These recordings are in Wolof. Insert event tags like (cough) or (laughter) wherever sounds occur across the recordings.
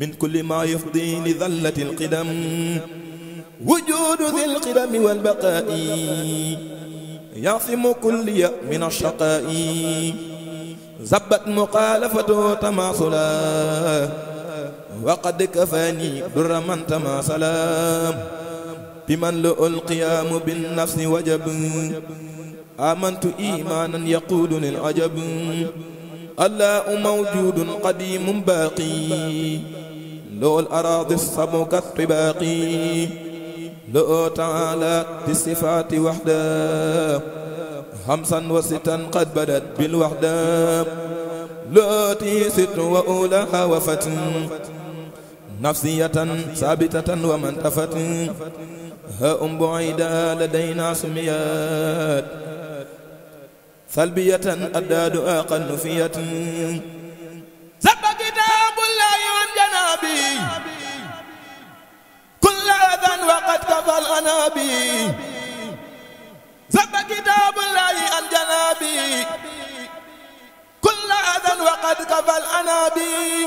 من كل ما يفضي لذلة القدم وجود ذي القدم والبقاء يعصم كل من الشقاء زبت مقالفته تماصلا وقد كفاني در من تماصلا بمن لؤ القيام بالنفس وجب آمنت إيمانا يقودني العجب الله موجود قديم باقي لو الأراضي الصم الطباقي لو تعالى بالصفات وحده خمسا وستا قد بدت بالوحده لو ست وأولها وفت نفسية ثابتة ومنتفة ها أم بعيدة لدينا سميات سلبية أداد آقا نفية الأنابي كل أذن وقد كفى الأنابي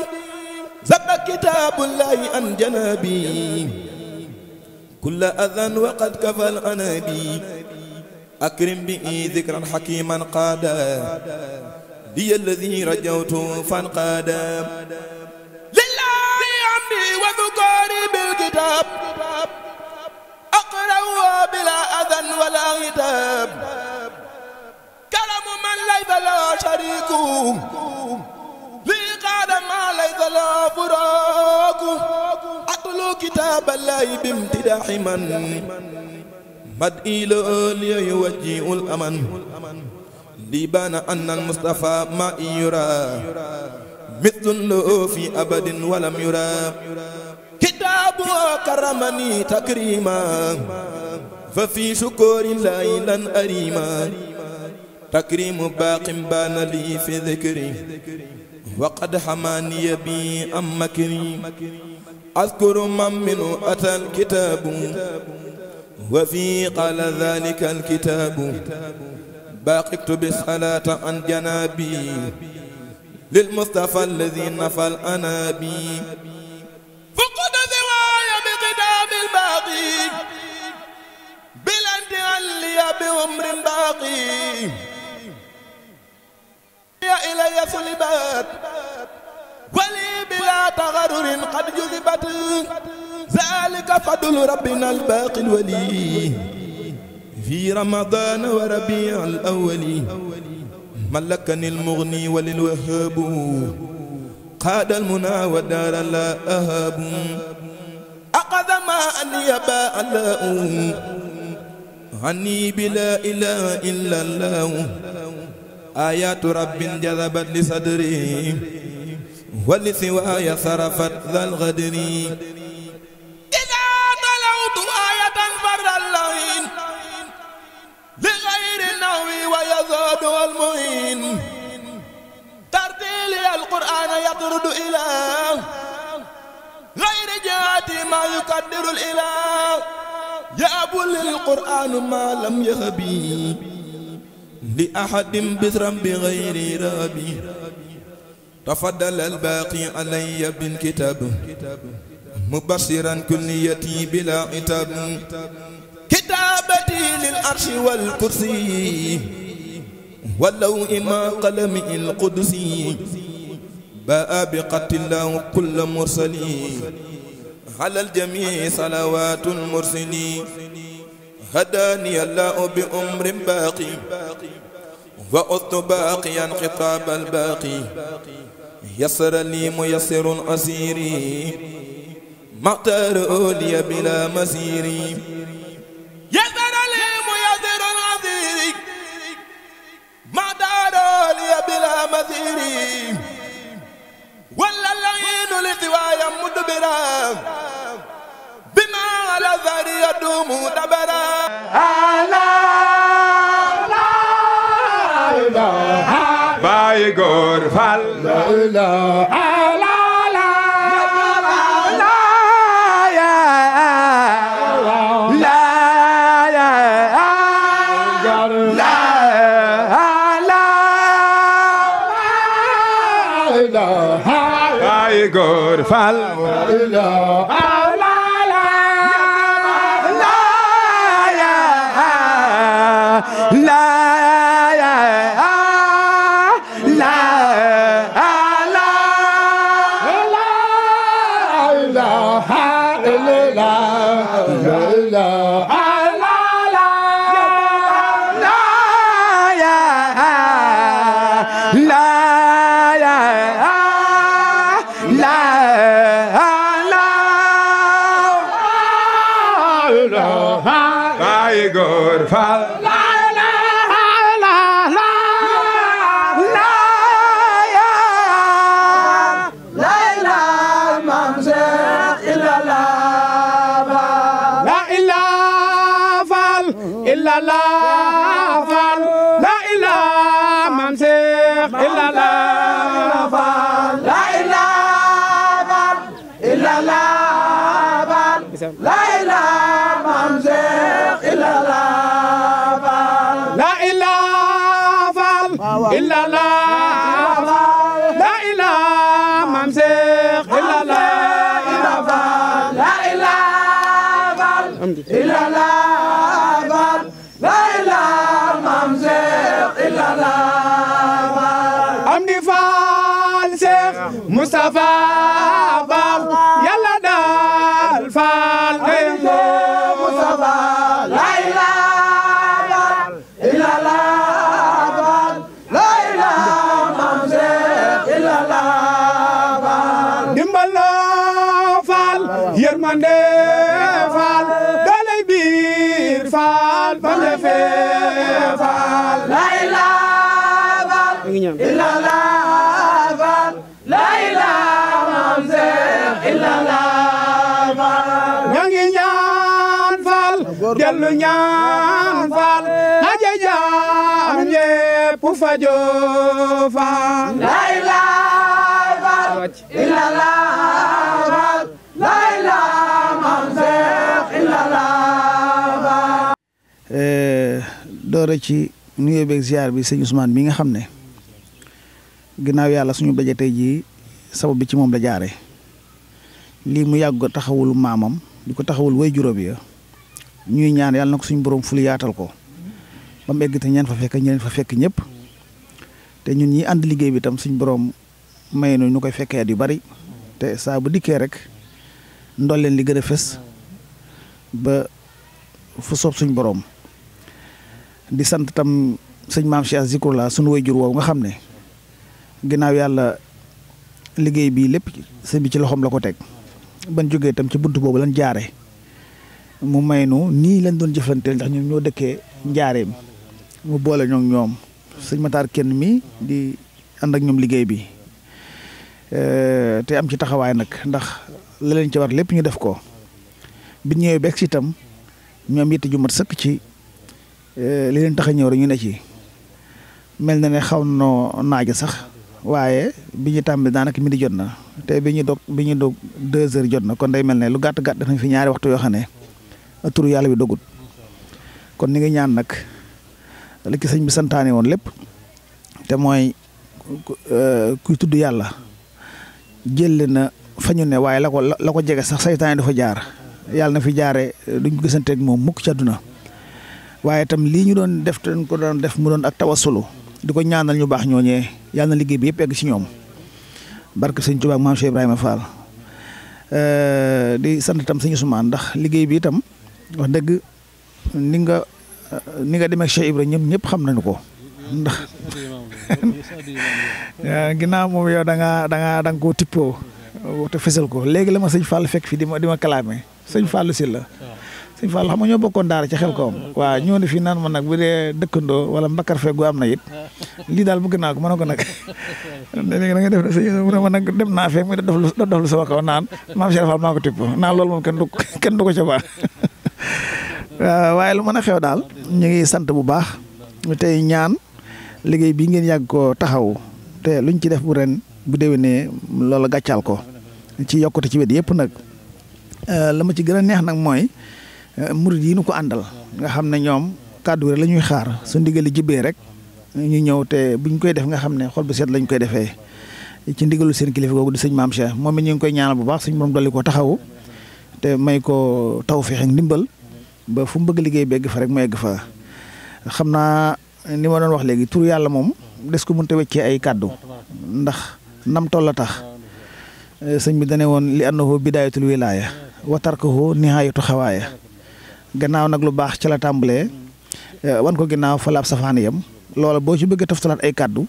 زب كتاب الله عن جنابي كل أذن وقد كفى الأنابي أكرم به ذكرا حكيما قادا لي الذي رجوت فانقادا لله عمي وذكاري بالكتاب أقرأ بلا أذن ولا غتاب ليس له شريك في قال ما ليس له فراق أتلو كتاب الله بامتداح من بدئي لأولي يوجه الأمن لبان أن المصطفى ما يرى مثل له في أبد ولم يرى كتابه كرمني تكريما ففي شكر الله لن أريما تكريم باق بان لي في ذكري وقد حماني بي أم مكري أذكر من منه أتى الكتاب وفي قال ذلك الكتاب باقيت بالصلاة عن جنابي للمصطفى الذي نفى الأنابي فقد ذوايا بقدام الباقي بلا لي بأمر باقي يا إلي صلبات ولي بلا تغرر قد جذبت ذلك فضل ربنا الباقي الولي في رمضان وربيع الأول ملكني المغني وللوهاب قاد المنى ودار لا أهاب أخذ ما أن يباء لا عني بلا إله إلا الله آيات رب جذبت لصدري ولسواي صرفت ذا الغدر إذا طلعت آية فر اللعين لغير النوي ويزاد والمعين ترتيلي القرآن يطرد إلى غير جهاتي ما يقدر الإله يا أبو للقرآن ما لم يهبي لأحد بذرا بغير رابي تفضل الباقي علي بالكتاب مبصرا كليتي بلا عتاب كتابتي للعرش والكرسي ولو إما قلمي القدسي باء بقتل الله كل مرسلين على الجميع صلوات المرسلين هداني الله بأمر باقي وأذت باقيا خطاب الباقي يسر لي ميسر أسيري مقتر لي بلا مزيري يسر لي ميسر أسيري مقتر لي بلا مزيري ولا العين لتوايا مدبرا بما على ذري يدوم دبرا Uh, Cheikh Moustapha Bam doora ci nuyo bek ziar bi seigne Ousmane mi nga xamne ne yalla suñu daje tay jii sabab bi ci mom la jare li mu yaggo taxawul mamam di taxawul way juróom ya ñuy ñaan yalla nako suñu borom fulu yaatal ko ba mu te ñaan fa fekk ñeen fa fekk ñëpp te ñun ñi and liggey bi tam suñu borom may nu ñu koy fekkee at bari te saa bu dikke rek ndol leen li gëna fess ba fu soob suñu borom. di sant tam sëñ maam Cheikh Zikrullah sunu wayjur woowu nga xam ne ginnaaw yàlla liggéey bi lépp sëñ bi ci loxoom la ko teg ban jógee tam ci bunt boobu lan jaare mu may nu nii lañ doon jëflanteel ndax ñun ñoo dëkkee njaareem mu boole ñoom ñoom sëñ Matar kenn mii di ànd ak ñoom liggéey bi te am ci taxawaay nag ndax la leen ci war lépp ñu def ko bi ñëwee beeg si itam ñoom yitte ju sëkk ci Eh, li leen tax a ñëw rek ñu ne ci mel na ne xaw noo naaja sax waaye bi ñu tàmbali daanaka midi jot na te bi ñu dog bi ñu dog deux heures jot na kon day mel ne lu gàtt gàtt dafa fi ñaari waxtu yoo xam ne turu yàlla bi dogut kon ni ngi ñaan nag li ci sëñ bi santaane woon lépp te mooy eh, kuy tudd yàlla jël na fa ñu ne waaye la ko la ko jege sax saytaan dafa jaar yàlla na fi jaare duñ ko gisanteeg moom mukk ci àdduna waye tam li ñu doon def tan ko doon def mu doon ak tawasulu diko ñaanal ñu bax ñoñe yalla liggey bi yëpp egg ci ñom barke sëñ Tuubaa ak maam Cheikh Ibrahima Fall euh, di sant tam sëñ Ousmane ndax liggey bi tam wax deug ni nga ni nga dem ak Cheikh Ibrahima ñëpp ñëpp xam nañu ko ndax (laughs) ginnaaw moom yow da nga da ngaa da nga koo tippoo te fësal ko léegi la ma sëñ Fall fek fi di ma di ma kalaame sëñ Fall ci la. sëñ Fall xam bokkoon daara ci xel kawam mm-hmm. waaw ñoo ne fii naan ma nag bu dee dëkkandoo wala mbakar fegu am na it (laughs) lii daal bëgg naa ko mën a ko nag léegi (laughs) da nga def nag dem naa fee muy da dof da dof lu sama kaw kenn du ko (laughs) ca baax waaye lu mën a xew daal ñu ngi sant bu baax tey ñaan liggéey bi ngeen yàgg ko taxaw te luñ ci def bu ren bu déwénee loolu gàccaal ko ci yokkute ci wet yépp nag euh, la ma ci gën a neex nag mooy Eh, murid yi nu ko àndal nga xamne ñom ñoom kàddu la ñuy xaar suñ ndigali jibee rek ñu ñew te buñ koy def nga xamne xol bu seet lañ koy defee ci ndigalu seen kilifa gogu di seigne mam Cheikh moom it ñu ngi koy ñaanal bu baax seigne mom dolli ko taxawu te may ko tawfeex ak ndimbal ba fu mu bëgg liggéey begg fa rek may egg fa xam ni ma doon wax léegi tur yalla mom des ko mënta wéccé ay kàddu ndax nam toll tax eh, seigne bi dane woon li annahu bidayatul wilaya wa tarkuhu nihayatul khawaya gannaaw nak lu bax ci la tambalé eh, wan ko ginnaaw fa lab safaan yam loola bo ci bëgg taftalat ay kaddu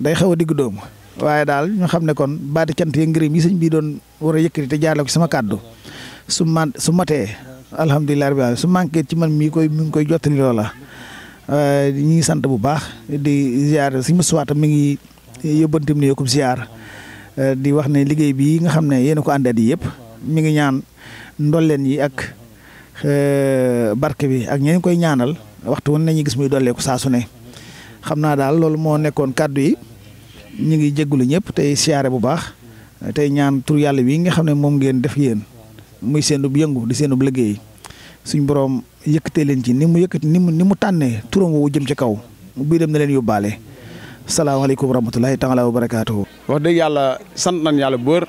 day xaw a digg doomu waaye daal ñu xamne kon baati cant ye ngirim yi señ bi doon wara a yëkkati te jaarale ko sama kaddu su ma su maté alhamdullilah rabbil alamin su manké ci man mi koy mi ngi koy jottali loola ñi eh, sant bu baax di ziar suñu suwaata mi ngi yóbbantim ne yokkub ziar eh, di wax ne liggey bi nga xamne ne ko àndaat yi yëpp mi ngi ñaan len yi ak Eh, barke bi ak ñeen koy ñaanal waxtu won nañu gis muy dolleeku saa su ne xamna dal lool mo nekkon kaddu yi ñi ngi jéggulu ñepp tay siaré bu baax tay ñaan tur yalla wi nga xamne mom ngeen def yeen muy bi yëngu di seenub liggéey suñ borom yëkkatee leen ci ni mu yëkkati ni mu ni mu tànnee turam woowu jëm ci kaw bii dem na leen yóbbaale assalamu alaykum taala wa barakatuh wax deug yalla sant nañ yalla bu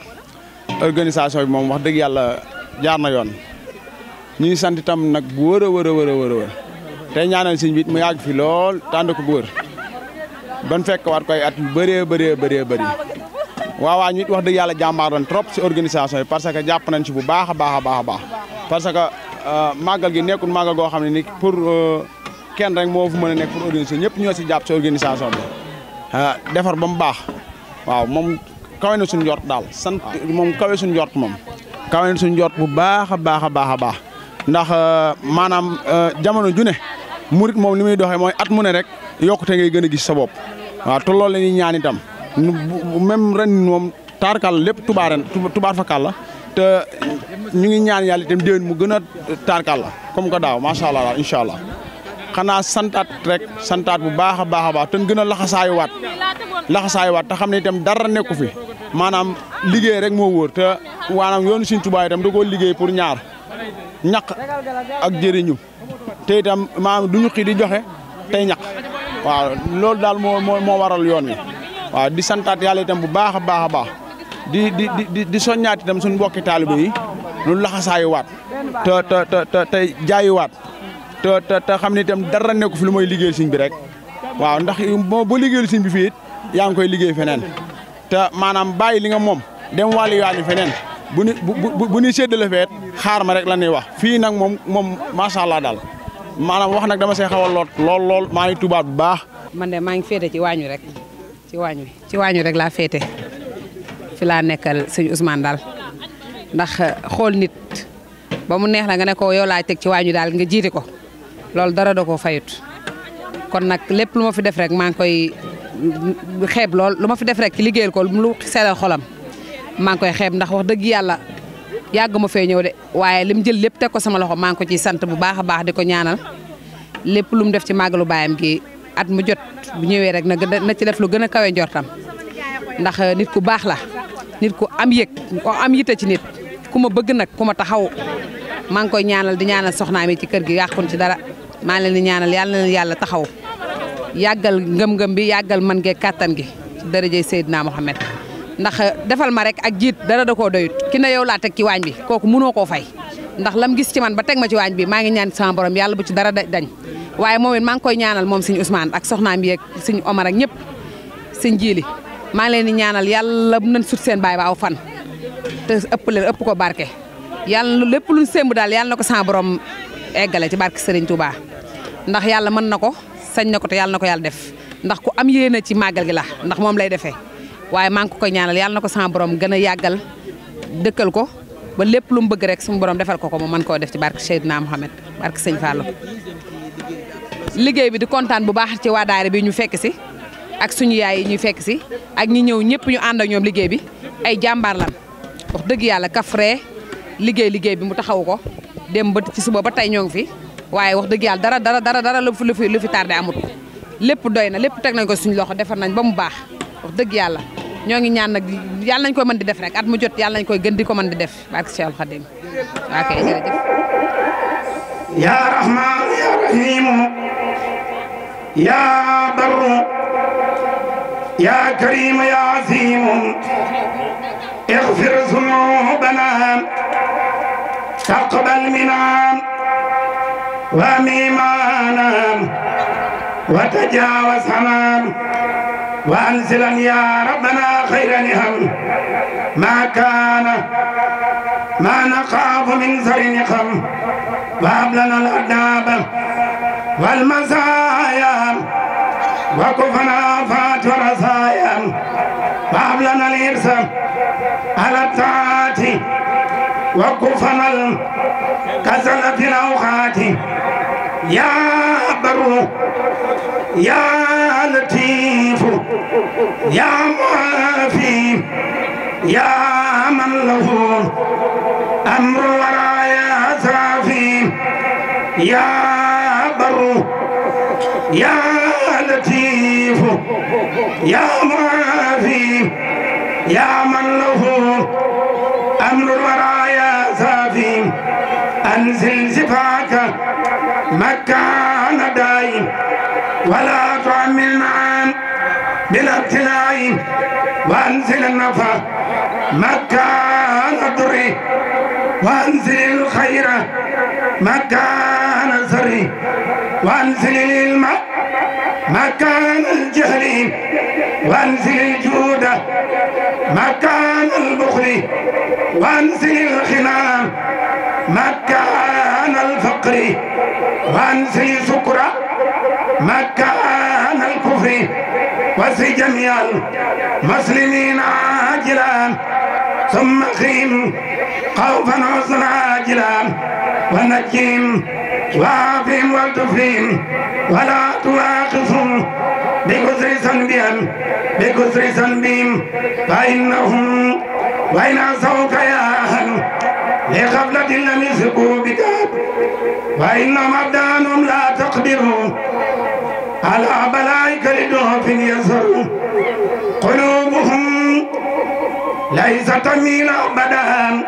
organisation bi mom wax deug yalla jaar na yoon ñuy sant tam nak bu wëra wëra wëra wëra wër a ñaanal sëñ bi mu yag fi lool tand ko bu wër ban fekk waat koy at yu bëree bëree bëree bëri wa wa ñu wax de yalla jàmbaar lan trop ci organisation parce que japp nañ ci bu baaxa baaxa baaxa baax parce que euh, magal gi nekkul magal go xamni ni pour euh, kenn rek mo fu mëna a nekk pour organiser ñepp ñoo ci japp ci organisation bi euh, defar ba mu baax waaw mom kawe na suñu jort dal sant mom kawé suñu jort mom kawe na suñu jort bu baaxa baaxa baaxa baax ndax euh, manam euh, jamono ju ne murit moom ni muy at mu ne rek yokkute ngay gëna gis sa bop wa to loolu lañuy ñaan itam même ren mom tarkal lepp tubaren tubar fa kala te ñu ngi ñaan yalla itam tar mu gëna tarkal taarkal la comme que daaw macha allah insha allah xana santat rek santat bu baaxa baaxa ba tan gëna laxasay wat laxasay wat ta te itam dara neeku fi manam liggéey rek mo te wanam yoonu suñ touba itam da koo liggéey pour ñaar. Nyak, ak jeriñu te itam ma du ñu di joxe tey ñaq waaw loolu dal mo mo waral yoon wi waaw di santat yalla itam bu baax a baax di di di di soññaat itam suñu mbokki talibé yi lu laxasaayu waat te te te te te jaayu waat te te te xamni itam dara neeku fi lu moy liggéey señ bi rek waaw ndax boo bo liggéey señ bi fi it koy liggéey fenen te manam bayyi li nga mom dem wali wali fenen bu ñu bu bu ñu séddale feet xaar ma rek la ñuy wax fii nag moom moom macha allah daal maanaam wax nag dama see xaw lool lool lool maa ngi tubaab bu baax. man de maa ngi féete ci waañu rek ci waañu ci waañu rek laa féete fi laa nekkal sëñ Ousmane daal ndax eh, xool nit ba mu neex la nga ne yow laa teg ci waañu daal nga jiite ko loolu dara da koo fayut kon nag lépp lu ma fi def rek maa ngi koy mm, mm, xeeb lool lu ma fi def rek ci liggéeyal ko lu sele xolam. maa ngi koy xeeb ndax wax dëgg yàlla yàgg ma fee ñëw de waaye lim jël lépp teg ko sama loxo maa ngi ko ciy sant bu baax a baax di ko ñaanal lépp lu mu def ci lu baayam gi at mu jot bu ñëwee rek na ci def lu gën a kawe njortam ndax nit ku baax la nit ku am yëg ko am yitte ci nit ku ma bëgg nag ku ma taxaw maa ngi koy ñaanal di ñaanal soxnaam yi ci kër gi yàqun ci dara maa ngi leen di ñaanal yàlla na yàlla taxaw yàggal ngëm-ngëm bi yàggal man gee kàttan gi ci dërëjëy Seydina Mohamed ndax defal ma rek ak jitt dara da doyut ki ne yow la tek ci wañ bi koku mëno ko fay ndax lam gis ci man ba tek ma ci wañ bi ma ngi ñaan sama borom yalla bu ci dara dañ waye momit ma ngi koy ñaanal mom seigne Ousmane ak soxnaam ak seigne Omar ak ñep seigne jili ma ngi leen di ñaanal bu neen sut seen bay ba aw fan te ëpp leen ëpp ko barké yalla lepp luñ sémb daal yàlla na sama borom égalé ci barké seigne Touba ndax yalla mën nako sañ nako te yalla nako yalla def ndax ku am yéena ci magal gi la ndax mom lay défé waaye maa ngi ko koy ñaanal yàlla na ko sama borom gën a yàggal dëkkal ko ba lépp lu mu bëgg rek suñu borom defal ko ko mu man koo def ci barke Seydina Mohamed barke Sëñ Fallou. liggéey bi di kontaan bu baax ci waa daara bi ñu fekk si ak suñu yaay yi ñu fekk si ak ñu ñëw ñëpp ñu ànd ak ñoom liggéey bi ay jàmbaar lan wax dëgg yàlla kafre liggéey liggéey bi mu taxaw ko dem ba ci suba ba tey ñoo ngi fi waaye wax dëgg yàlla dara dara dara dara lu fi lu fi tardé amut lépp doy na lépp teg nañ ko suñu loxo defar nañ ba mu baax. wax dëgg yàlla ñoo ngi ñaan nag yàlla nañ koy mën di def rek at mu jot yàlla nañ koy gën ko mën di def barke Cheikh Khadim waa kay jërëjëf ya rahman ya rahim ya barru ya karim ya azim اغفر ذنوبنا تقبل منا وميمانا وتجاوز همام وأنزلا يا ربنا خير نهم ما كان ما نخاف من زر نخم وهب لنا الأداب والمزايا وكفنا فات ورزايا وهب لنا الإرث على الطاعات وكفنا الكسل في الأوقات يا بر يا يا معافي يا من له أمر ورايا ثافي يا بر يا لطيف يا معافي يا من له أمر ورايا ثافي أنزل زفاك مكان دايم ولا بلا وانزل النفع مكان الضر وانزل الخير مكان الزر وانزل الماء مكان الجهل وانزل الجود مكان البخل وانزل الخنام مكان الفقر وانزل سكر مكان الكفر وسي جميع المسلمين عاجلا ثم خيم خوفا حسنا عاجلا ونجيم وعافهم والتفهم ولا تواخذهم بكسر سنبهم بكسر سنبهم فإنهم وإن عصوك يا أهل لغفلة لم يسكوا بك وإنهم أبدانهم لا تقدروا على أعبلاء كالدعف يزر قلوبهم ليس تميل أبدا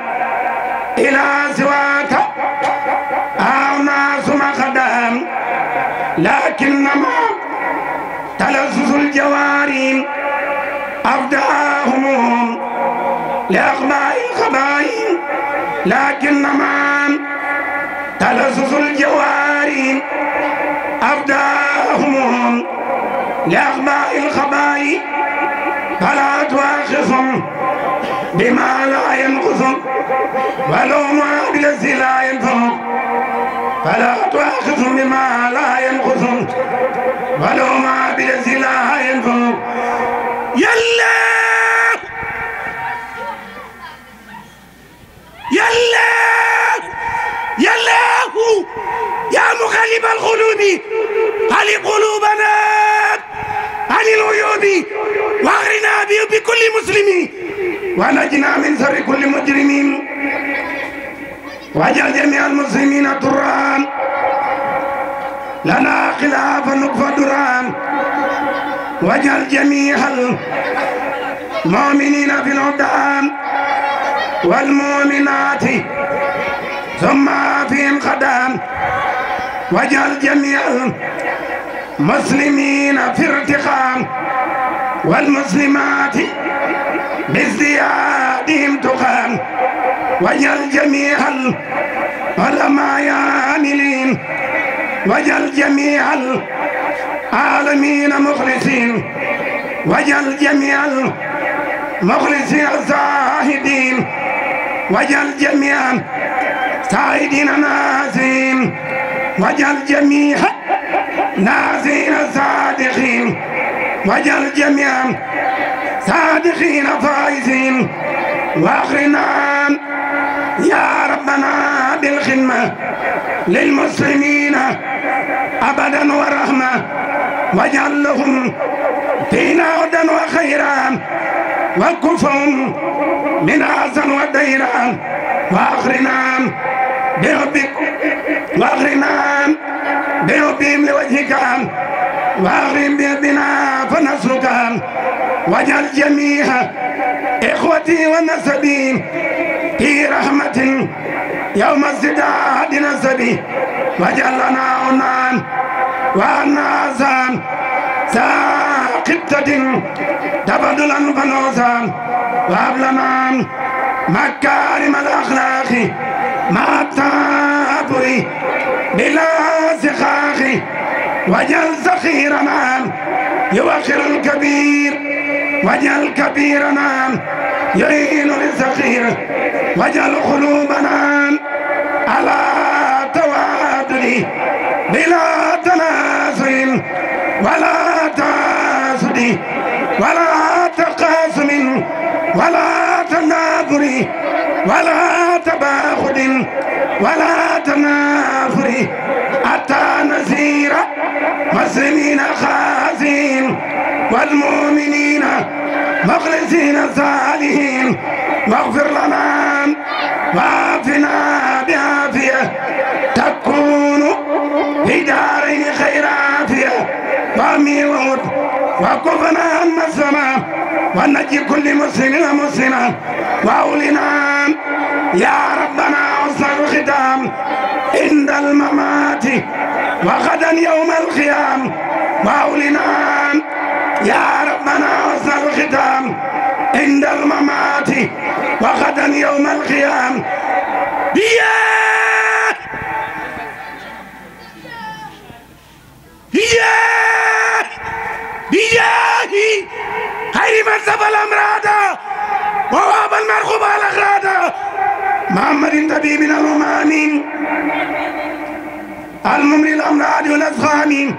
إلى سواك أو ناس مخدام لكنما تلزز الجواري أبداهم لأخباء الخبائن لكنما تلزز الجواري أبداهم لأغباء الخبائي فلا تؤاخذهم بما لا ينقصهم ولو ما بالذي لا ينفهم فلا تؤاخذهم بما لا ينقصهم ولو ما بالذي لا ينفهم يلا يلا يلا يا مغلب القلوب قلب قلوبنا عن العيوب واغرنا كل مسلم ونجنا من سر كل مجرم واجعل جميع المسلمين تران لنا خلاف نكفى دران واجعل جميع المؤمنين في العدام والمؤمنات ثم فيهم خدام واجعل جميع مسلمين في ارتقام والمسلمات بازديادهم تقام وجل جميع العلماء عاملين وجل جميع العالمين مخلصين وجل جميع المخلصين الزاهدين وجل جميع سعيدين نازين وجل جميع ناصر الصادقين وجل جميع صادقين فائزين واخرنا يا ربنا بالخدمة للمسلمين أبدا ورحمة واجعل لهم فينا هدى وخيرا وكفهم من أعزا وديرا وآخرنا بربك واغرنا بحبهم لوجهك واغرم بنا فنصرك واجعل جميع اخوتي ونسبي في رحمة يوم ازداد نسبي واجعل لنا عنان وعنا زان ساقطة تبدلا فنوزا وهب مكارم الأخلاق ماتا التعبر بلا سخاخ وجل صغير نعم يوخر الكبير وجل كبير نعم يعين للصغير وجل قلوبنا نعم، على توادل بلا تنازل ولا تاسدي ولا ولا تباخد ولا تنافر أتى نزير مسلمين خازين والمؤمنين مخلصين صالحين واغفر لنا وعافنا بعافية تكون في دارين خير عافية وامي وكفنا عن ونجي كل مسلم ومسلمة وأولنا يا ربنا أصل الختام عند الممات وغدا يوم القيام وأولنا يا ربنا أصل الختام عند الممات وغدا يوم القيام يا Yeah! يا هي من سبل أمرادا وواب المرغوب على أغرادا محمد طبيب الأمام الممري الأمراض والأسقام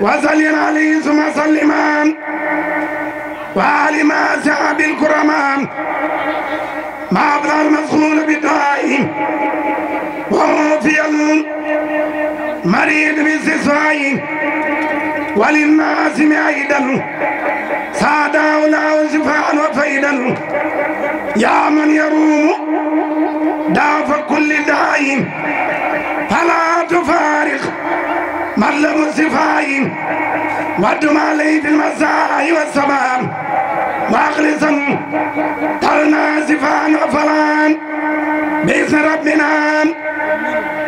وصل عليه ثم سلمان وآل سعى الكرمام ما أبلغ المسؤول بالدائم وهو في المريض بالسسوائم وللناس معيدا سادا ولا وزفان وفيدا يا من يروم داف كل دائم فلا تفارق مطلب الصفاء ودم عليه في المساء والصباح مخلصا ترنا صفان وفلان باسم ربنا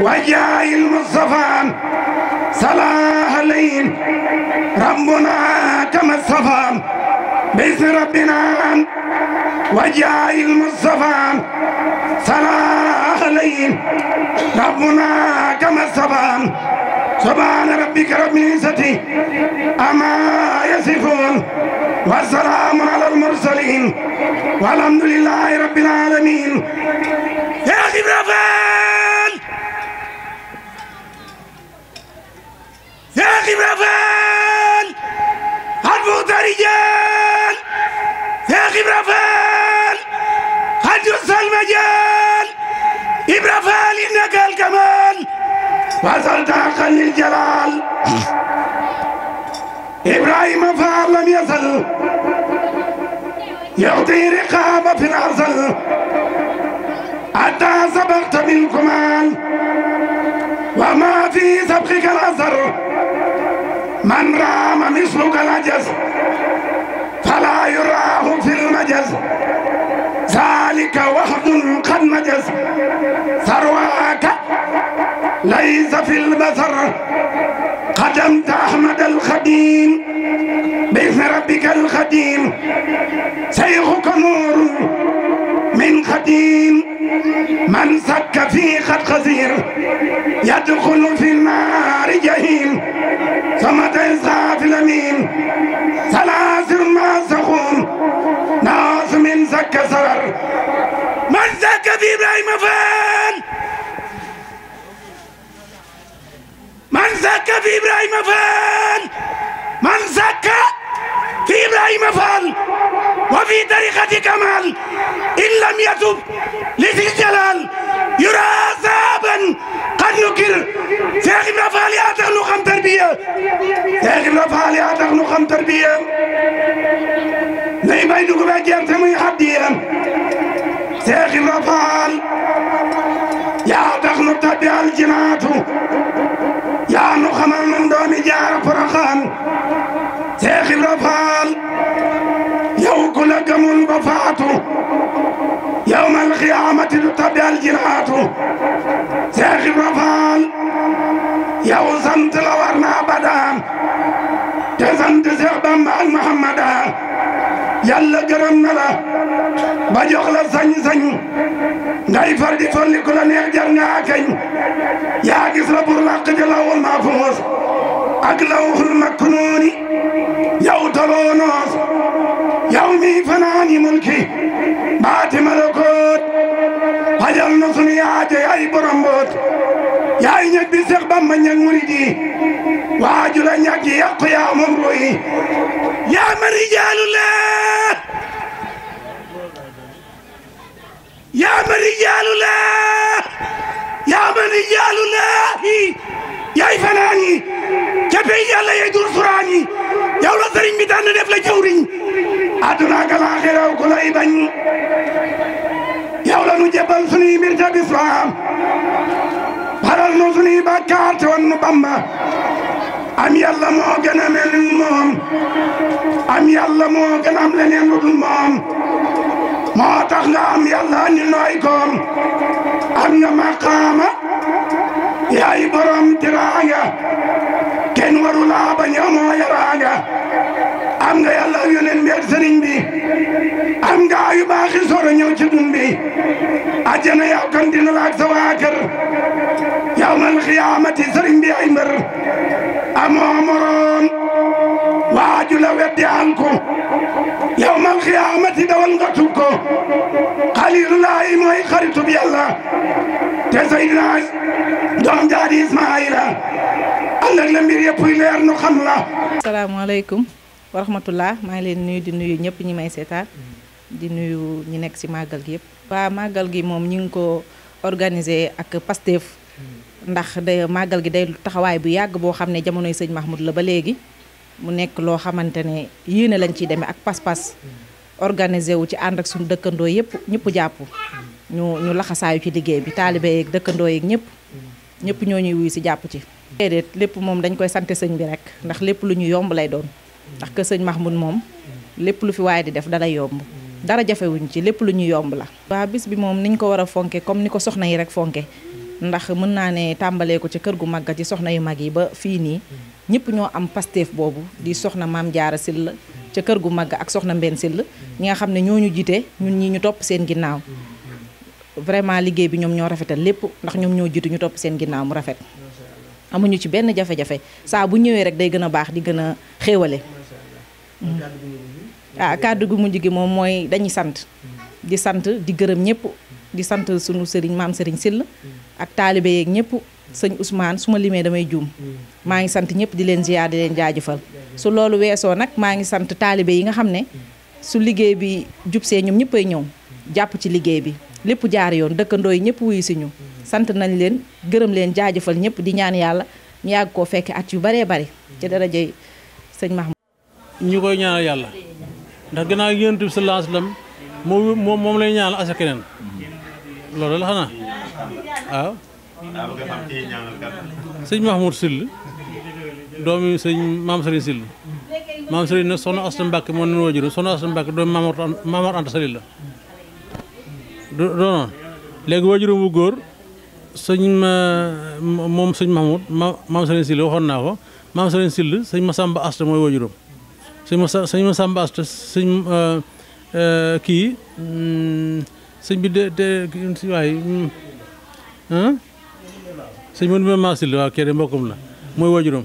وجاء المصطفى صلاة الليل ربنا كما الصفا باسم ربنا وجاء المصطفى صلاة الليل ربنا كما الصفا سبحان ربك رب العزة أما يصفون والسلام على المرسلين والحمد لله رب العالمين يا أخي ثاغي برافال رجال ثاغي برافال هجس المجال إبرافال إنك الكمال وصلت حقا للجلال إبراهيم فعل لم يصل يعطي رقابة في الأرسل حتى سبقت بالكمال وما المجز فلا يراه في المجز ذلك وحد قد مجز ثرواك ليس في البصر قدمت أحمد الخديم باسم ربك الخديم شيخك نور من قديم من سك في خد خزير يدخل في النار جهيم صمد في الأمين سلاسل ما سخون ناس من سك سرر من سك في إبراهيم فان من سك في إبراهيم فان من سك في إبراهيم فعل وفي طريقة كمال إن لم يتب لذي الجلال يرى عذابا قد نكر شيخ ابن فعل يا تغنو خم تربية شيخ ابن فعل يا تغنو خم تربية نعم بينكم أجيب سمي حديا شيخ ابن فعل يا تغنو تبيع الجنات baatinu tabbi aljinaatu Seex Ibra Faal sant la war naa badaan te Seex Bamba ak Muhammada gërëm na la ba la sañ-sañ ngay far di folli la neex jar nga kañ yaa gis la pour làq ji lawul mahfuus ak lawhul maknuuni yow toloo noos yow mi fanaani mulki baati malakoo mi yaajo yaay borom mboot yaay ñag bi Seex Bamba ñag murid yi waaju la ñag yi yaa moom ruy yaa ma rijaalu laa yaay fanaan yi ca pey yàlla yay la sëriñ bi tànn def la jëwriñ àdduna ak ku lay yow la nu jébal sunuy mbir ca bislaam xaral nu sunuy Bamba am yàlla moo gën a mel ni moom am yàlla moo gën a am leneen lu dul moom moo tax nga am yàlla ni nooy koom am nga maqaama yaay borom tiraanga kenn waru laa bañ a moo am nga yàlla yoneen mbir sëriñ bi am gaa yu baax yi ñëw ci dun bi àjjana yow kan dina la ak sa waa kër yawmal xiyaamati sëriñ bi ay mbër amoo moroom waaju la weddi an ko yawmal xiyaamati dawal nga tub ko xalilullaahi mooy xaritub yàlla te Seydina doom jaadi Ismaayila ànd ak la mbir yëpp leer nu xam la. asalaamaaleykum wa rahmatulah maa ngi leen nuyu di nuyu ñëpp ñi may seetaan. di nuyu ñi nekk ci màggal gi yëpp. waa màggal gi moom ñu ngi ko organiser ak Pastef ndax day màggal gi day taxawaay bu yàgg boo xam ne jamonoy sëñ Mahmoud la ba léegi mu nekk loo xamante ne yéene lañ ciy demee ak pas-pas organiser wu ci ànd ak suñu dëkkandoo yëpp ñëpp jàpp ñu ñu laxasaayu ci liggéey bi taalibe yeeg dëkkandoo yeeg ñëpp ñëpp ñoo ñuy wuyu si jàpp ci. déedéet lépp moom dañ koy sante sëñ bi rek ndax lépp lu ñu yomb lay doon ndax que sëñ Mahmoud moom lépp lu fi waaye di def dalay yomb. dara jafewuñ ci lépp lu ñu yomb la. waa bis bi moom niñ ko war a fonke comme ni ko soxna yi rek fonke ndax mën naa ne tàmbalee ko ca kër gu màggat ci soxna yu mag yi ba fii nii ñëpp ñoo am pasteef boobu di soxna maam jaara sill ca kër gu màgg ak soxna mbenn sill ñi nga xam ne ñoo ñu jiite ñun ñi ñu topp seen ginnaaw vraiment liggéey bi ñoom ñoo rafetal lépp ndax ñoom ñoo jiitu ñu topp seen ginnaaw mu rafet. amuñu ci benn jafe-jafe saa bu ñëwee rek day gën a baax di gën a xéewale. ah kàddu gu mujj gi moom mooy dañuy sant di sant di gërëm ñëpp di sant sunu sëriñ maam sëriñ sil ak taalibe yeeg ñëpp sëñ usmaan su ma limee damay juum maa ngi sant ñëpp di leen ziyaar di leen su loolu weesoo nag maa ngi sant taalibe yi nga xam ne su liggéey bi jubsee ñoom ñëppay ñëw jàpp ci liggéey bi lépp jaar yoon dëkkandoo yi ñëpp wuyu si ñu sant nañ leen gërëm leen jaajëfal ñëpp di ñaan yàlla mu yàgg koo fekk at yu baree bari ci darajay sëñ Mahmoud ñu koy ndax gannaaw yonent bi sallallahu alayhi wasallam moom lay ñaanal asa keneen loolu la xanaa waaw. sëñ Mahmoud Sill doomi sëñ Maam Sëriñ Sill Maam Sëriñ nag soxna Asta Mbàkke moo nen waajur soxna Asta Mbàkke doomi Maamor Anta Sali la doonoon léegi waajuram bu góor sëñ moom sëñ Mahmoud Maam Sëriñ Sill naa ko Maam Sëriñ Sill sëñ ma Masamba Asta mooy waajuram sëñ ma sëñ ma Samba Asta sëñ euh, euh, kii mm, sëñ bi de de waay mm, sëñ ma Ndoumbe Masil waaw kii de mbokkam la mooy wajuram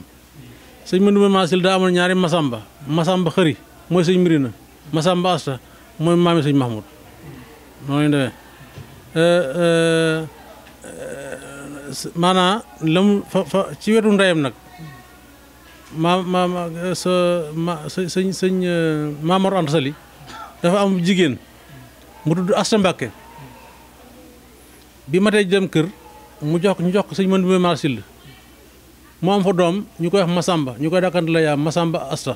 sëñ ma Masil daa amoon ñaari Masamba Masamba xëri mooy sëñ Mirina Masamba Asta mooy maami sëñ Mahmoud noonu demee euh, lam fa fa ci wetu ndeyam nag ma ma sa ma sa ma sëñ ma ma Sali dafa am ma mu ma Asta ma bi ma ma ma ma mu jox ñu jox ma ma ma Marsil ma am fa ma ma ma wax Masamba ma ma ma la ma Masamba Asta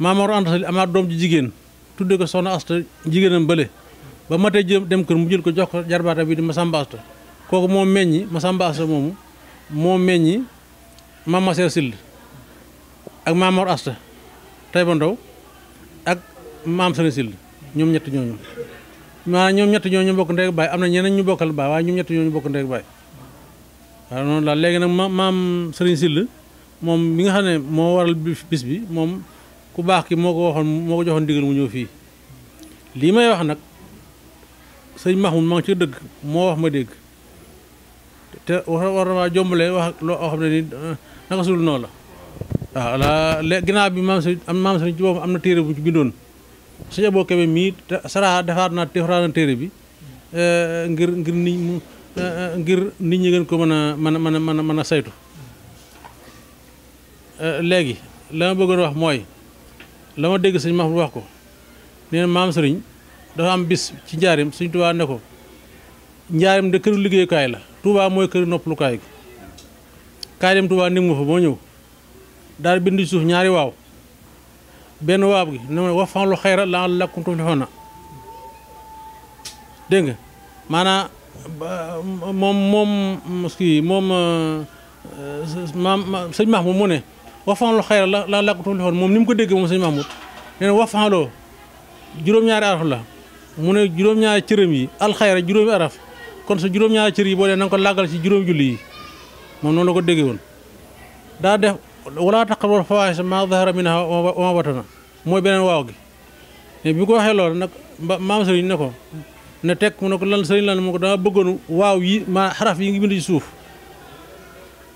ma ma Sali ma ma ma ma ma ko ma Asta ma ma ba ma ma ma dem ma mu jël ko jox ma ma bi di Masamba Asta ma ma ma Masamba Asta ma ma ma Mama ma ma ak maam Mor Asta ba Ndaw ak maam Sëriñ Sil ñoom ñett ñooñu maanaam ñoom ñett ñooñu bokk ndey baay am na ñeneen ñu bokkal baay waaye ñoom ñett ñooñu bokk ndey ak baay waaw noonu daal léegi nag ma maam Sëriñ Sil moom mi nga xam ne moo waral bis bi moom ku baax ki moo ko waxoon moo joxoon digal mu ñëw fii lii may wax nag sëñ Mahmoud ma ngi ci dëgg moo wax ma dégg te war war na waa jombalee wax loo xam ne ni naka sul noonu la waaw la ginnaaw bi maam si am maam si ci boobu am na téere bu ci bindoon suñu boo kebe mii sara defaat naa defaat téere bi eh, ngir eh, ngir nit ñi gën ko mën a mën a mën a mën a mën a saytu eh, léegi la ma wax mooy la ma sëñ Mahmoud wax ko nee na sëriñ dafa am bis ci njaarim sëñ Tuubaa ne ko njaarim de këru liggéeyukaay la Tuubaa mooy kër noppalukaay gi kaay dem Tuubaa ni mu fa moo ñëw daal bind suuf ñaari waaw benn waaw gi ne wax fan lu xayra laa lakkum tu defoon na dégg nga maanaam moom moom kii moom euh, sëñ Mahmoud mu ne wax fan lu xayra la laa lakkum tu moom ni mu ko déggee moom sëñ Mahmoud nee wax fan loo juróom-ñaari araf la mu ne juróom-ñaari cërëm yi alxayra juróomi araf kon sa juróom-ñaari cër yi boo dee na ko làggal si juróom julli yi moom noonu la ko déggee woon daa def wala taqrabul fawaahisha maa zahara minhaa wa maa mooy beneen waaw gi mais bi ko waxee loolu nag maam sëriñ ne ko ne teg mu ne ko lan sëriñ lan mu ko dama bëggoon waaw yi maa xaraf yi ngi bind ci suuf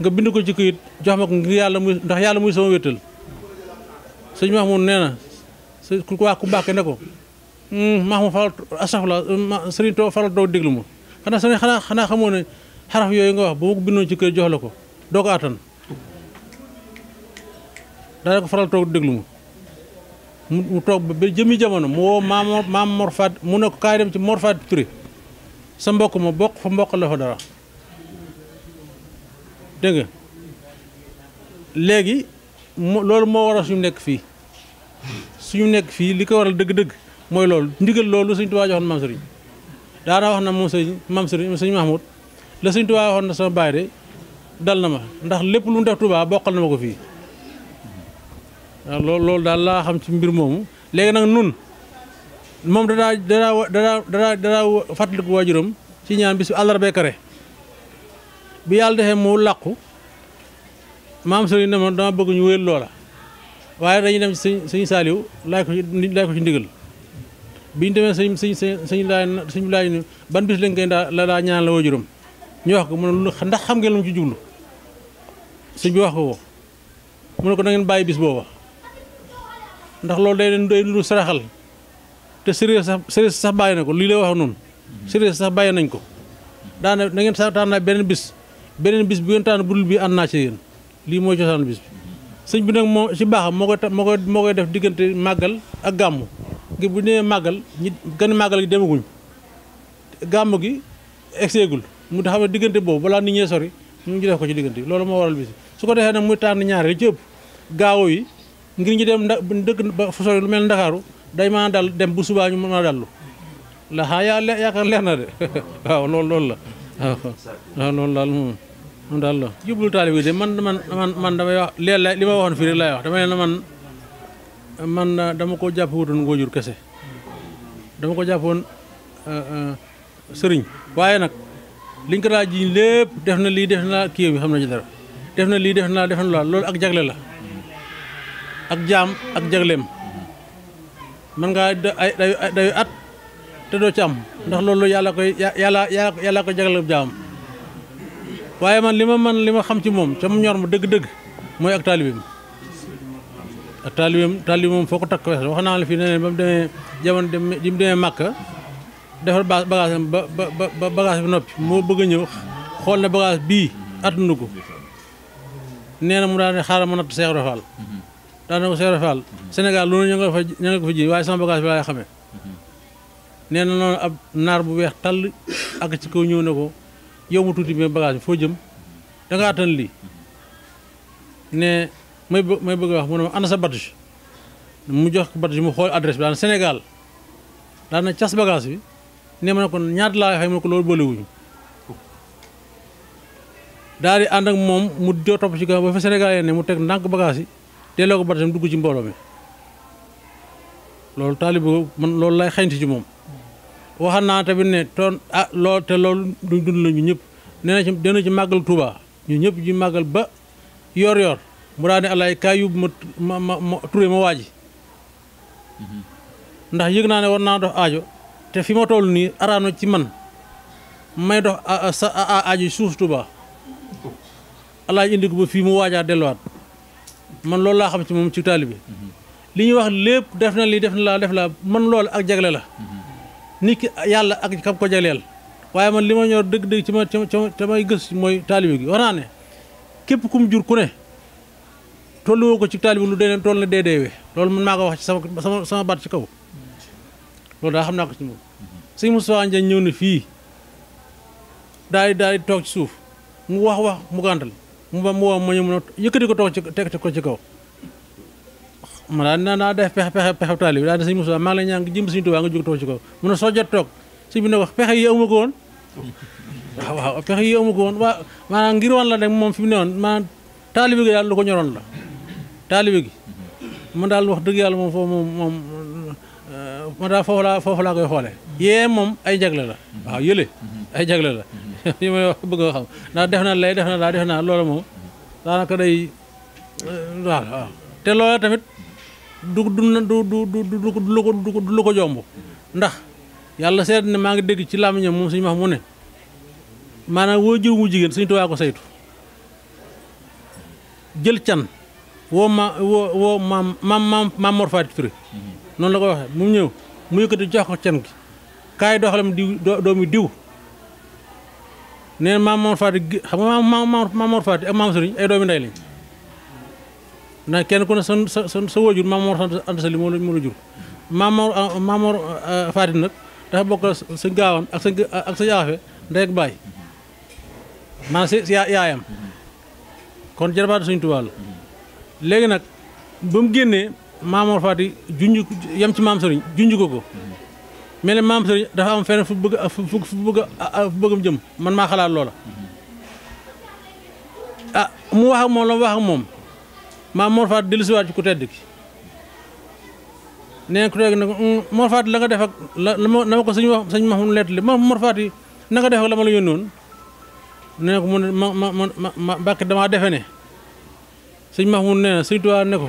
nga bind ko ci këyit jox ma ko ngir yàlla muy ndax yàlla muy sama wéttal sëñ Mahmoud nee na ku waa ku baax ne ko hmm, Mahmoud fal asafla sëriñ too fal doo déglu ma xanaa sëriñ xanaa xamoo ne xaraf yooyu nga wax bu ma ko bindoon ci këyit jox ko dana ko faral toog déglu ma mu toog ba jëmi jamono mu woo maam maam morfaat mu ne ko kaay dem ci morfaat Touré sa mbokk ma bokk fa mbokk la fa dara dégg léegi mu loolu moo waral suñu nekk fii suñu nekk fii li ko waral dëgg-dëgg mooy loolu ndigal loolu suñ tubaa joxoon maam daana wax na moom sëriñ maam sëriñ sëriñ Mahmoud la suñ tubaa na sama baay de dal na ma ndax lépp lu mu tubaa bokkal na ma ko fii loolu loolu daal laa xam ci mbir moomu léegi nag nun moom dadaa dadaa da dadaa dadaa fàttaliku waajuram ci ñaan bis bi àllarba kare bi yàlla defee mu làqu maam sëriñ ne ma dama bëgg ñu wéyal loola waaye dañuy dem ci sëñ saaliw laaj ko ci laaj ko ci ndigal bi ñu demee sëñ sëñ sëñ laaj sëñ laaj ni ban bis lañ koy daa la daa ñaan la waajuram ñu wax ko mën ne ndax xam ngeen lu mu ci jublu sëñ bi wax ko ko mu ko da ngeen bàyyi bis booba ndax loolu day leen doy lu saraxal te sérieux sax sérieux sax bàyyi na ko lii lay wax noonu sérieux sax bàyyi nañ ko daana na ngeen sax tànn beneen bis beneen bis bu ngeen tànn budul bi ànd naa ci yéen lii mooy cosaan bis bi sëñ bi nag moo ci baaxa moo koy moo koy moo koy def diggante màggal ak gàmmu gi bu nee màggal ñi gan màggal gi demaguñ gàmmu gi egseegul mu xam ne diggante boobu balaa nit ñee sori ñu ngi def ko ci diggante bi loolu moo waral bis su ko defee nag muy tànn ñaar li gaaw yi ngir ñu dem dëkk fu sori lu mel ndakaaru day maa dal dem bu subaa ñu mën a dallu la ah yaa yaakaar leer na de (laughs) waaw loolu loolu la waaw loolu daal moom hmm, moom daal la jublu taalib yi de man man man man damay wax léeg li ma waxoon fii laay wax dama leen man ah, dama ko jàpp wutoon ngóojur dama ko jàppoon ah, ah, waaye nag liñ ko daa jiñ lépp def na lii def na kii bi xam nañu dara def na lii def na def na loolu ak jagle la ak jam ak jagleem man nga ay dayu at te do ci am ndax lolu yalla koy yalla yalla ko jagleel jam waye man lima man lima xam ci mom ci ñor mu deug deug moy ak taalibeem ak taalibeem taalibe moom foo ko takk wax naa la fi neneen bam mu demee jamono dem ji mu demee màkk bagage ba bagage bi nopi mo bëgg ñew xol na bagage bi at nu ko nee mu daal ne xaaral ma cheikh rafal daana ko seera faal senegal lu ñu nga fa ñu nga ko fa ji waaye sama bagage bi laay xamee nee ab naar bu weex tàll ak ci kaw ñëw ne ko yow mu bagage bi jëm da ngaa tan lii ne may may bëgg wax mu ne ana sa badge mu jox ko badge mu xool adresse bi daan Sénégal daana cas bagage bi ne ma ko ñaata laa xay mu ko loolu boolewuñu ak mu joo topp ci ba fa ne mu bagage delloo ko baritam dugg ci mbooloo mi loolu taalibu man loolu lay xañti ci moom waxal naa tamit ne toon ah lool te loolu duñ ñu ñëpp nee ci dina ci màggal Tuuba ñu ñëpp ji màggal ba yor yor mu daal ne alaay kaay yóbbu ma ma ma waaji ndax yëg naa ne war naa dox aajo te fi ma toll nii araano ci man may dox sa aajo suuf Tuuba alaay indi ko ba fii mu waajaa delluwaat man loolu laa xam ci moom ci taalibe li ñuy wax lépp def na lii def na laa def laa man loolu ak jagle la nit ki yàlla ak kam ko jagleel waaye man li ma ñor dëgg-dëgg ci ma ci may gës mooy taalibe gi wax naa ne képp kum jur ku ne tolluwoo ko ci taalibe lu dee toll dee deewee loolu man maa ko wax ci sama sama sama baat ci kaw loolu daa xam naa ko ci moom sëñ Moustapha Ndiaye ñëw na fii daal di daal di toog ci suuf mu wax wax mu gàntal mu ba mu woo ma ñu mun ko ci kaw ma daal naa naa def pexe pexe pexe taalib daal di sëñ maa ngi lay ñaan nga jëm sëñ Tuubaa nga jóg toog ci kaw mu soo jot toog sëñ bi wax pexe yi ko woon waaw waaw pexe yi ko woon waa maanaam ngir woon la nag moom fi mu ne woon maanaam taalibi gi daal lu ko ñoroon la taalibi gi man daal wax dëgg yàlla moom foofu moom moom euh, man daal foofu laa foofu laa koy xoole yee moom ay jagle la waaw yële ay jagle la yi may wax bëgg a xam ndax def na lay def na laa def naa loolu moom daanaka day waaw waaw te loola tamit du du du du du du lu ko du lu ko jomb ndax yàlla seet ne maa ngi dégg ci làmmiñam moom suñu wax mu ne maanaam woo jiw mu jigéen suñu tubaa ko saytu jël can woo ma woo woo maam maam maam maam Mor Faty noonu la ko waxee mu ñëw mu yëkkati jox ko can gi nee na maam xam nga maam ak maam Sëriñ ay doomi nday lañ ndax kenn ku ne sa sa sa wóojur maam Mor moo la moo la jur maam Mor ah, maam Mor ah, gaawan ak sa yaafe ndey ak baay maanaam si yaayam kon jarbaatu Sëriñ Tuubaa la léegi nag ba mu génnee maam Mor Fati junj ci maam Sëriñ junj ko mel ne maam sëriñ dafa am feneen fu bëgg fu bëgg fu bëggam jëm man maa xalaat loola ah mu wax ak moom la mu wax ak moom maam Mor Faat dellusiwaat ci ku tedd ki nee na ku tedd na ko mm, Mor Faat la nga def ak la na ma ko sëñ wax sëñ Mahmoud lettali ma Mor Faat yi na nga def ak la ma la yónnoon nee na ko mu ne ma ma ma ma Mbàkke damaa defe ne sëñ Mahmoud nee na sëñ Tuubaa ne ko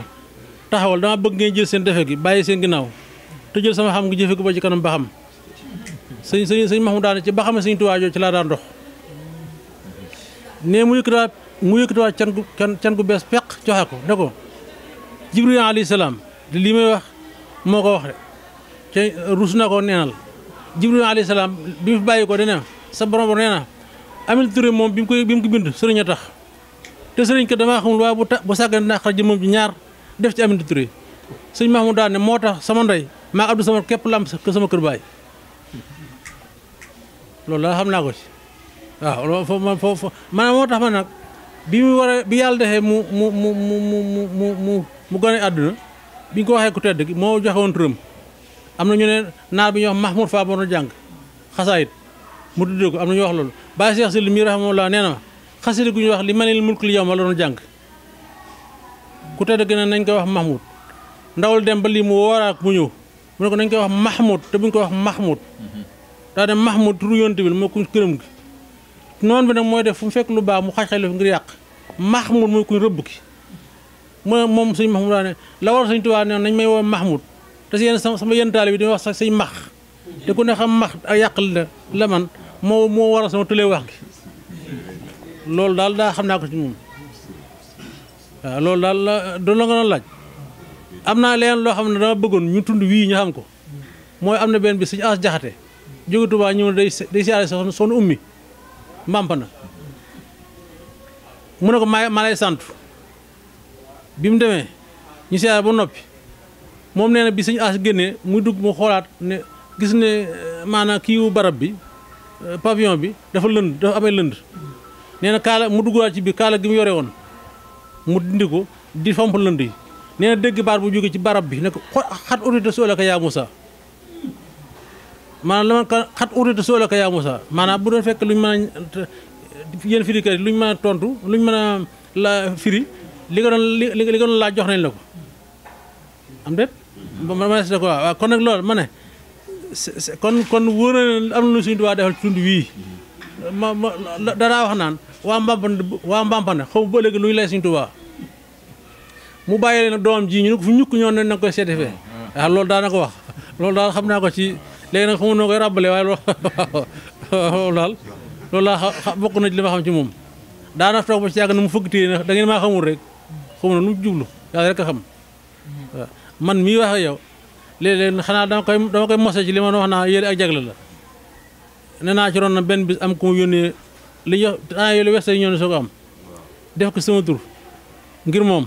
taxawal dama bëgg ngeen jël seen defe gi bàyyi seen ginnaaw te jël sama xam gu jëfé ko ba ci kanam ba xam señ señ señ Mahmoud daane ci ba xam señ tuwa joo ci la daan dox né mu yëkkatiwaat mu yëkkatiwaat cian gu cian gu bes pek joxé ko ne Jibril ali salam di limay wax moko wax ci rus na ko neenal Jibril ali salam bi fi bayiko dina sa borom nee na Ameth Touré mom bi mu koy bi mu ko bind señ a tax te señ ko dama xam lu bu bu sagal na xaraj moom ñaar def ci amil Touré señ Mahmoud daane moo tax sama ndey maa Abdou Samad képp lamp sa sama kër baay loolu daal xam naa ko ci waaw loolu foofu man foofu moo tax ma nag bi mu war bi yàlla defee mu mu mu mu mu mu mu gone àdduna bi ñu ko waxee ku tedd gi moo joxe woon turam am na ñu ne naar bi ñuy wax Mahmoud Fa boon na jàng xasaayit mu tuddee ko am na ñu wax loolu Baye Cheikh Sylla mi laa nee na ma xasida gu ñuy wax li manil mulk li yow ma la doon jàng ku tedd gi ne nañ koy wax Mahmoud ndawal dem ba lii mu wooraak mu ñëw mu ne ko nañ koy wax Mahmoud te buñ ko wax Mahmoud daa dem Mahmoud turu yonte bi moo kuñ këram gi noonu bi nag mooy def fu mu fekk lu baax mu xaj-xaj la fi ngir yàq Mahmoud mooy kuñ rëbb ki mu moom sëñ Mahmoud daa ne la war ne nañ may woo Mahmoud te si yéen sama yenn taali bi di wax sax sëñ max te ku ne xam max la la man moo moo waral sama tëlee wax gi loolu daal daa xam naa ko ci moom loolu daal la doon la nga doon laaj am naa leen loo xam ne dama bëggoon ñu tund wii ñu xam ko mooy am na benn bi suñu as jaxate jóge Tuubaa ñëw day day siyaare son son ummi mbàmp na mu ne ko maa maa sant bi mu demee ñu siyaare ba noppi moom nee na bi suñu as génnee muy dugg mu xoolaat ne gis ne maanaam kiiwu barab bi pavillon bi dafa lënd dafa amee lënd nee na kaala mu duggaat ci bi kaala gi mu yore woon mu dindi ko di fomp lënd yi nee na dégg baat bu jóge ci barab bi ne ko xat urita soolaka yaa Moussa maanaam la man ka xat urita soolaka yaa Moussa maanaam bu doon fekk luñ mën a yéen firikat yi luñ mën a tontu ñu mën a la firi li nga doon li nga doon jox nañ la ko am déet ma ne ko waaw kon nag loolu ma ne kon kon wóor na am na lu suñu duwaa defal ci tund wii ma ma danaa wax naan waa Mbàmpane waa Mbàmpane xaw ma bu lu ñu lay suñu tubaa mu bàyyi leen doom ji ñu ne ko fu ñukk ñoon ne nanga koy seete fee waaw ah. ah, loolu ko wax lool daal xam naa ko ci léegi nag xamu noo koy ràbbale waaye (laughs) loolu daal loolu laa bokk na ci li ma xam ci moom daana toog ba ci yàgg na mu fëgg téye na da maa xamul rek xamu na lu mu jublu yàlla rek a xam hmm. ah, man mii wax ak yow léeg-léeg xanaa dama koy dama koy mose ci li ma wax naa yéele ak jagle la ne naa ci ron na benn bis am ku mu li ñu wax temps yooyu ñoo ne soo ko am def ko sama tur moom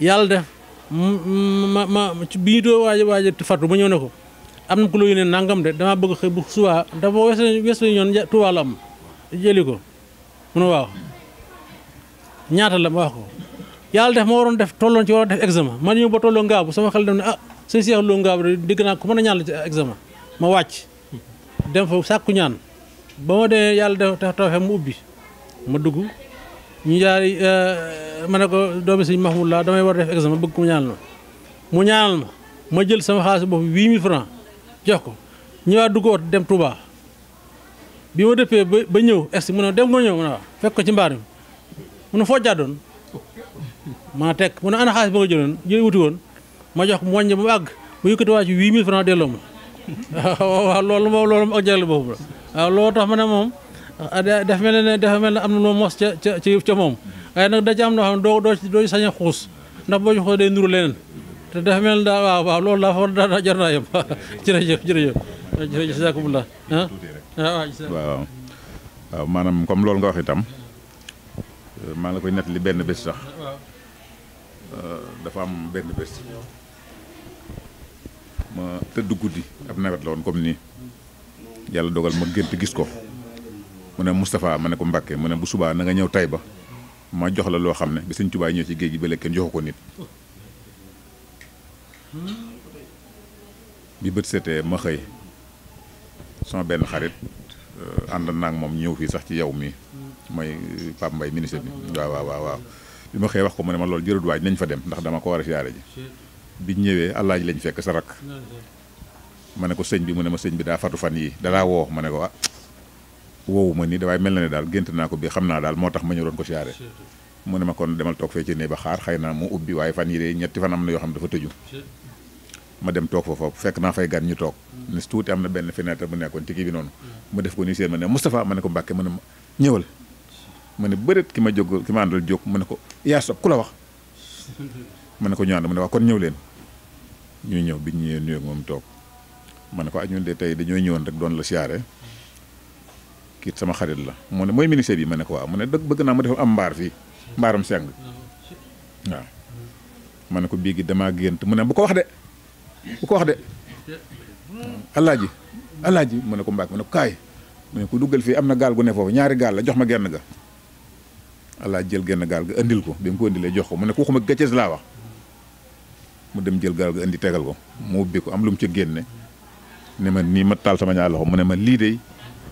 yàlla def ma ma bi ci doo waaj a waaj a fatu ma ñëw ne ko am na ku la yu nangam de damaa bëgg xëy bu subaa dafa wes wes la ñoon Tuubaa la am jëli ko mu waaw ñaata la ma wax ko yàlla def ma waroon def tolloon ci waroon def examen ma ñëw ba tolloo ngaabu sama xel dem ne ah sëñ Cheikh Lo ngaabu de dégg naa ko mën a ñaan la ci examen ma wàcc dem fa sàkku ñaan ba ma demee yàlla def tax tawxe mu ubbi ma dugg ñu jaari euh, ma ne ko doomi sëñ mahmoud laa damay war def examen bëgg ko ñaanal ma mu ñaanal ma ma jël sama xaalis bopp 8000 francs jox ko ñëwaat dugg oto dem Touba bi ma dëppee ba ba est mu dem nga ñëw mu ne waaw fekk ko ci mbaar mi mu ne foo jàddoon maa mu ana xaalis ba nga jëloon jël wuti woon ma jox mu wàññi ba mu àgg mu ci 8000 francs delloo ma (laughs) waaw loolu moom loolu ak jagle boobu la waaw tax ma ada mel ne def mel ne am no mos ci ci ci ca mom waaye hmm. nag da ci am noo do do do doo sañ a ndax bo ci day nuru leneen te def mel da waaw waaw loolu laa fa daa jar naa yëpp jërëjëf jërëjëf jërëjëf jazakumullah ah waaw waaw waaw comme loolu nga wax itam euh, maa la koy nett li benn bés sax euh, dafa am benn bés ma tëdd guddi ab nawet la woon comme nii yàlla dogal ma gént gis ko mu ne Moustapha ma ne ko Mbàkke mu ne bu subaa na nga ñëw ba ma jox la loo xam ne bi sëñ Tuubaa ñëw ci géej gi bële kenn joxu ko nit bi bët seetee ma xëy sama benn xarit euh, ànd naa ak moom ñëw fii sax ci yow mi mooy Pape Mbaye ministre bi waaw waaw waaw waaw bi ma xëyee wax ko mu ne ma loolu jërut waaj nañ fa dem ndax dama ko war a siyaare ji bi ñëwee allaaji lañ fekk sa rakk ma ne ko sëñ bi mu ne ma sëñ bi daa fatu fan yi dalaa woo ma ne ko ah wowu ma ni waaye mel na ne daal gént naa ko bi xam naa daal moo tax ma ñëw ko siyaare mu ne ma kon demal toog ba xaar xëy na mu ubbi waaye fan yi ñetti fan am na yoo xam ma dem toog foofu fekk naa fay gan ñu toog mm. tuuti am na benn fenêtre bu nekkoon ci kii bi noonu mm. ma def ko nii seen ma ne Moustapha ma ne ko Mbàkke ma ne ma ñëwal ma ne bëreet ki ma jóg ki ma àndal jóg ma ne ko yaa sob ku la wax ma ne ko ñu ànd ma ne wax kon ñëw leen ñuy ñëw bi ñu ñëwee nuyoog moom toog ma ne ko ah ñun de tey dañoo ñëwoon rek doon la siyaare mm. sama xarit la mu ne mooy ministère bi ma ne ko waaw mu ne dëgg bëgg naa mu defal am mbaar fii mbaaram seng waaw ma ne ko bii gi damaa gént mu ne bu ko wax de bu ko wax de alaaji alaaji mu ne ko mbaak mu ne ko kaay mu ne ko duggal fii am na gaal gu ne foofu ñaari gaal la jox ma genn ga alaaji jël genn gaal ga indil ko bi mu ko indilee jox ko mu ne ko waxuma gàccees laa wax mu dem jël gaal ga indi tegal ko mu ubbi ko am lu mu ci génne ne ma nii ma taal sama ñaar ne ma lii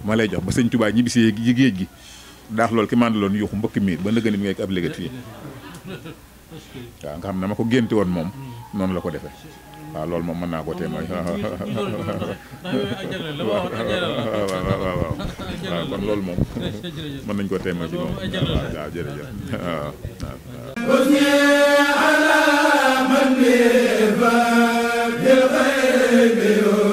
ma lay jox ba sëñ Tuubaa ñibbi si yi géej gi daax lool ki mandaloon yuuxu mbëkk miir ba nëgëni mi ngay ab légat fii waaw nga xam ne ma ko génte woon moom noonu la ko defee waaw loolu moom mën naa ko témoin (laughs) waaw nañ koo témoin ci moom waaw jërëjëf waaw waaw